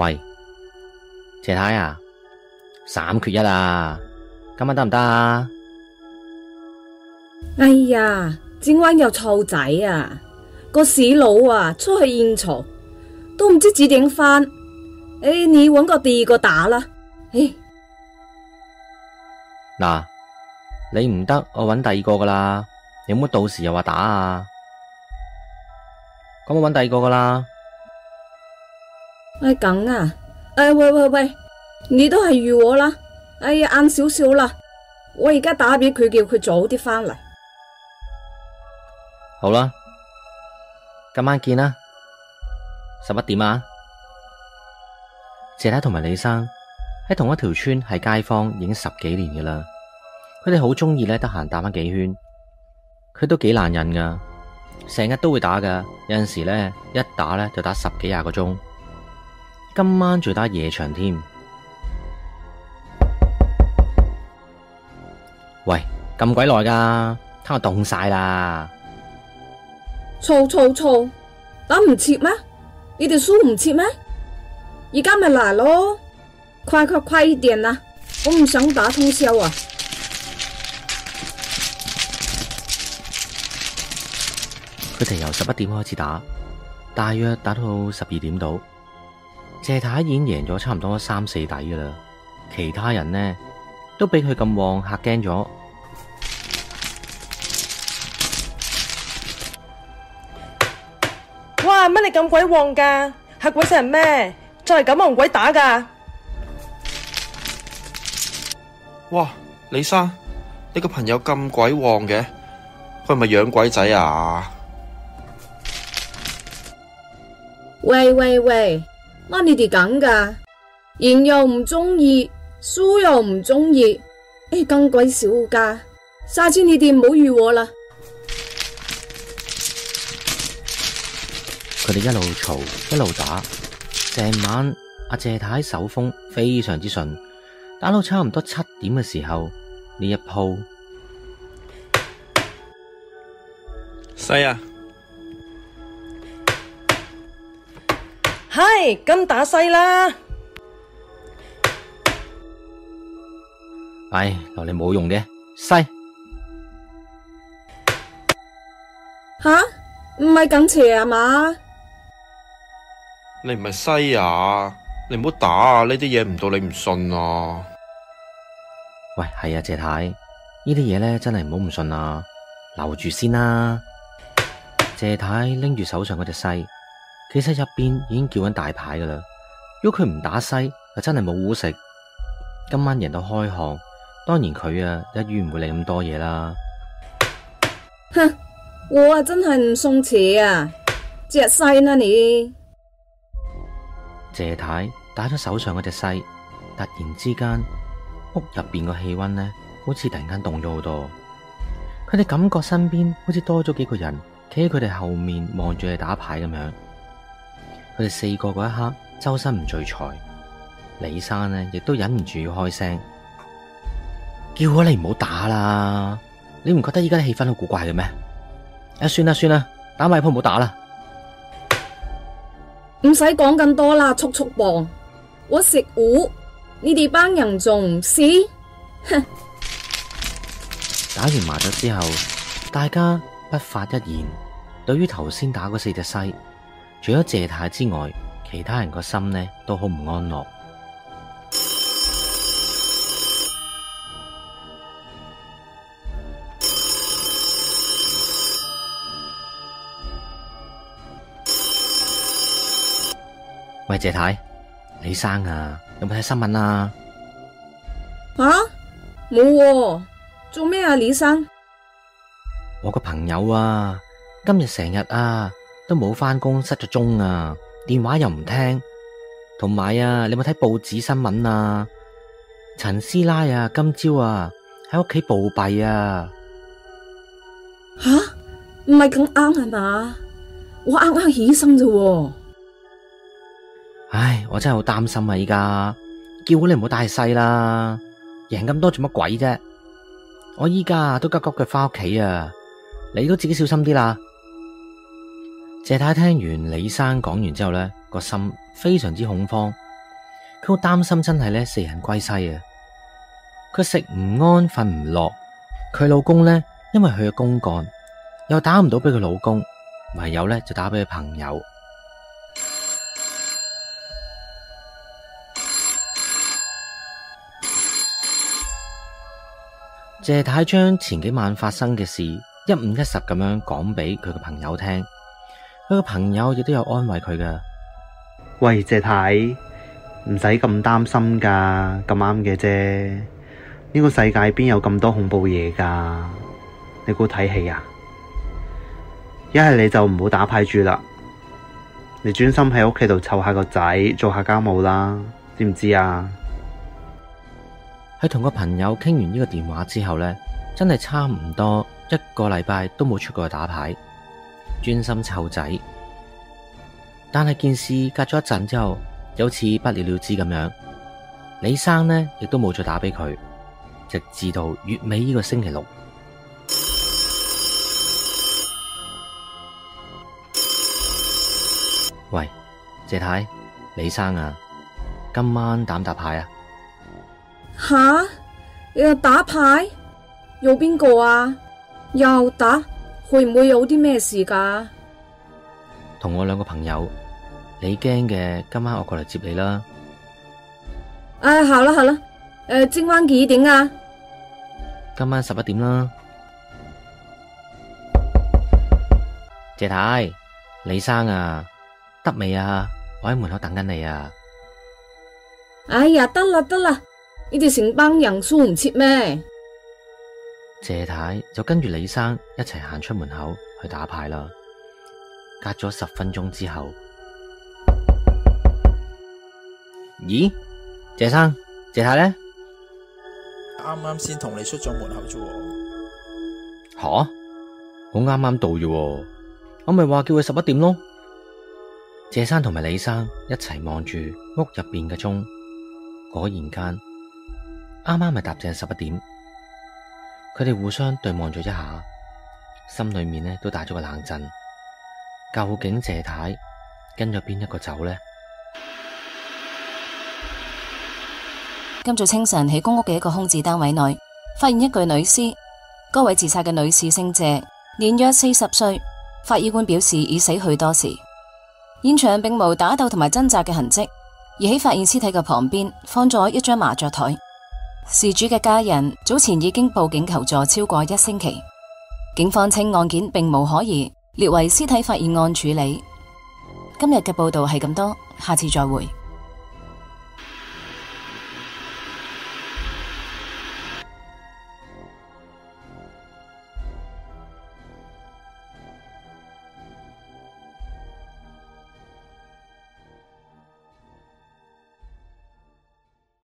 喂，謝太太啊，三缺一啊，今晚得唔得啊？哎呀，今晚又湊仔啊，個屎佬啊，出去應酬都唔知幾點返。誒、哎，你揾個第二個打啦。嗱、哎，你唔得，我揾第二個噶啦。有冇到時又話打啊？咁我揾第二個噶啦。哎咁啊！哎喂喂喂，你都係預我啦。哎呀，晏少少啦，我而家打俾佢，叫佢早啲翻嚟。好啦，今晚見啦，十一點啊！謝太同埋李生喺同一條村，係街坊已經十幾年嘅啦。佢哋好鍾意咧，得閒打翻幾圈。佢都幾難忍噶，成日都會打噶。有陣時咧，一打咧就打十幾廿個鐘。今晚再打夜場添？喂，咁鬼耐㗎，睇下凍晒啦！嘈嘈嘈，打唔切咩？你哋輸唔切咩？而家咪嚟咯！快快快一點啦！我唔想打通宵啊！佢哋由十一點開始打，大約打到十二點度。謝太已經贏咗差唔多三四底噶啦，其他人呢都俾佢咁旺吓驚咗。哇！乜你咁鬼旺噶？吓，鬼死人咩？再係咁同鬼打噶？哇！李生，你個朋友咁鬼旺嘅，佢係咪養鬼仔啊？喂喂喂！乜你哋咁噶？贏又唔鍾意，輸又唔鍾意，誒咁鬼少噶！下次你哋唔好預我啦。佢哋一路嘈，一路打，成晚阿謝太手風非常之順，打到差唔多七點嘅時候，呢一鋪，犀啊！哎，咁打西啦！哎，留你冇用嘅西吓，唔係咁邪啊嘛？你唔係西啊？你唔好打啊！呢啲嘢唔到你唔信啊！喂，係啊，謝太，呢啲嘢咧真係唔好唔信啊！留住先啦，謝太拎住手上嗰隻西。其實入邊已經叫緊大牌噶啦，如果佢唔打西，就真係冇糊食。今晚人都開行，當然佢啊一於唔會理咁多嘢啦。哼，我啊真係唔送錢啊，隻西啊你。謝太打咗手上嗰隻西，突然之間屋入邊個氣溫呢，好似突然間凍咗好多。佢哋感覺身邊好似多咗幾個人，企喺佢哋後面望住佢打牌咁樣。佢哋四個嗰一刻，周身唔聚財。李生呢亦都忍唔住要開聲，叫我你唔好打啦！你唔覺得依家啲氣氛好古怪嘅咩？啊，算啦算啦，打埋鋪唔好打啦！唔使講咁多啦，速速磅！我食糊，你哋班人仲唔識，哼， 打完麻雀之後，大家不發一言，對於頭先打嗰四隻西。除咗謝太之外，其他人個心呢都好唔安樂。喂，謝太，李生啊，有冇睇新聞啊？啊，冇，做咩啊，李生？我個朋友啊，今日成日啊。都冇翻工，失咗蹤啊！電話又唔聽，同埋啊，你有冇睇報紙新聞啊？陳師奶啊，今朝啊喺屋企暴斃啊！吓、啊，唔係咁啱係嘛？我啱啱起身咋？唉，我真係好擔心啊！依家叫你唔好大細啦，贏咁多做乜鬼啫？啊？我依家都急急腳翻屋企啊！你都自己小心啲啦。謝太聽完李生講完之後呢，個心非常之恐慌，佢好擔心，真係呢四人歸西啊！佢食唔安，瞓唔落。佢老公呢，因為佢嘅公幹，又打唔到俾佢老公，唯有呢就打俾佢朋友。謝太將前幾晚發生嘅事一五一十咁樣講俾佢嘅朋友聽。不過佢個朋友亦都有安慰佢噶，喂謝太，唔使咁擔心噶，咁啱嘅啫。呢個世界邊有咁多恐怖嘢噶？你估睇戲啊？一係你就唔好打牌住啦，你專心喺屋企度湊下個仔，做下家務啦，知唔知啊？喺同個朋友傾完呢個電話之後呢，真係差唔多一個禮拜都冇出過去打牌。專心湊仔，但係件事隔咗一陣之後，有似不了了之咁樣。李生呢亦都冇再打俾佢，直至到月尾呢個星期六。 喂，謝太，李生啊，今晚打唔打牌啊？吓，你又打牌？有邊個啊？又打？會唔會有啲咩事噶？同我兩個朋友，你驚嘅，今晚我過嚟接你啦。哎，好啦好啦，誒，今晚幾點啊？今晚十一點啦。謝太，李生啊，得未啊？我喺門口等緊你啊。哎呀，得啦得啦，你哋成班人數唔切咩？謝太,太就跟住李生一齊行出門口去打牌啦。隔咗十分鐘之後，咦？謝生、謝太咧？啱啱先同你出咗門口啫。吓？我啱啱到啫。我咪話叫佢十一點咯。謝生同埋李生一齊望住屋入邊嘅鐘，果然間啱啱咪搭正十一點。佢哋互相對望咗一下，心裏面呢都打咗個冷震。究竟謝太跟咗邊一個走呢？今早清晨喺公屋嘅一個空置單位內，發現一具女屍。個位自殺嘅女士姓謝，年約四十歲。法醫官表示已死去多時。現場並無打鬥同埋掙扎嘅痕迹，而喺發現屍體嘅旁邊放咗一張麻雀台。事主嘅家人早前已經報警求助超過一星期，警方稱案件並無可疑，列為屍體發現案處理。今日嘅報道係咁多，下次再會。